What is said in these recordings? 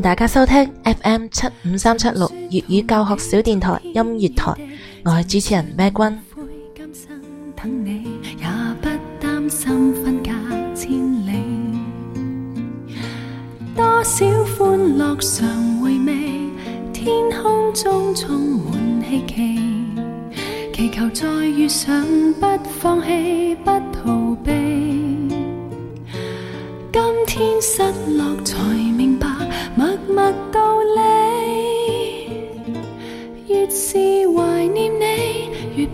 歡迎大家收聽 FM 七五三七六粵語教學小電台音樂台，我係主持人咩君。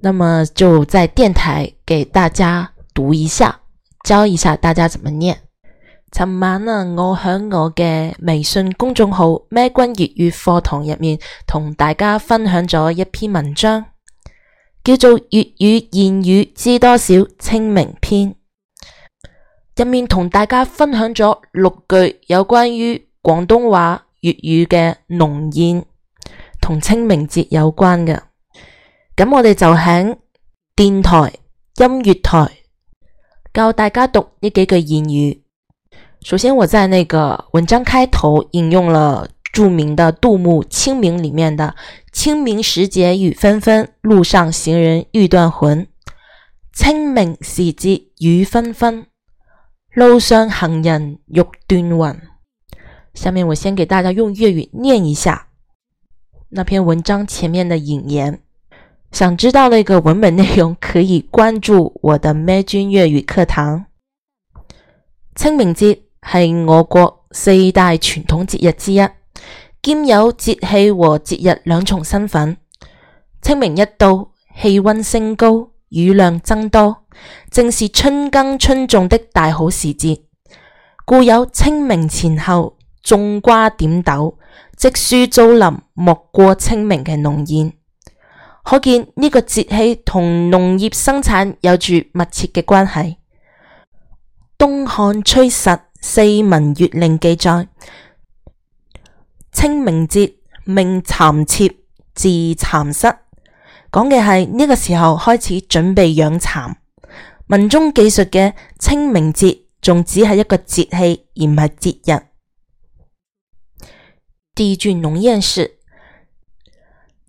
那麼就在電台給大家讀一下，教一下大家怎麼念。尋晚呢，我喺我嘅微信公眾號咩君粵語課堂入面，同大家分享咗一篇文章，叫做《粵語諺語知多少·清明篇》。入面同大家分享咗六句有關於廣東話粵語嘅農諺，同清明節有關嘅。咁我哋就喺電台音樂台教大家讀呢幾句諺語。首先，我在那個文章開頭引用了著名的杜牧《清明》裏面的“清明時節雨紛紛，路上行人欲斷魂”。清明時節雨紛紛，路上行人欲斷魂，魂。下面我先給大家用粵語念一下那篇文章前面的引言。想知道那個文本內容，可以關注我的咩 a g 粵語課堂。清明節係我國四大傳統節日之一，兼有節氣和節日兩重身份。清明一到，氣溫升高，雨量增多，正是春耕春種的大好時節，故有清明前後，種瓜點豆，植樹造林莫過清明嘅農諺。可見呢個節氣同農業生產有住密切嘅關係。東漢崔實《四民月令》記載，清明節命蠶妾治蠶室，講嘅係呢個時候開始準備養蠶。文中記述嘅清明節仲只係一個節氣，而唔係節日。地轉農諺是。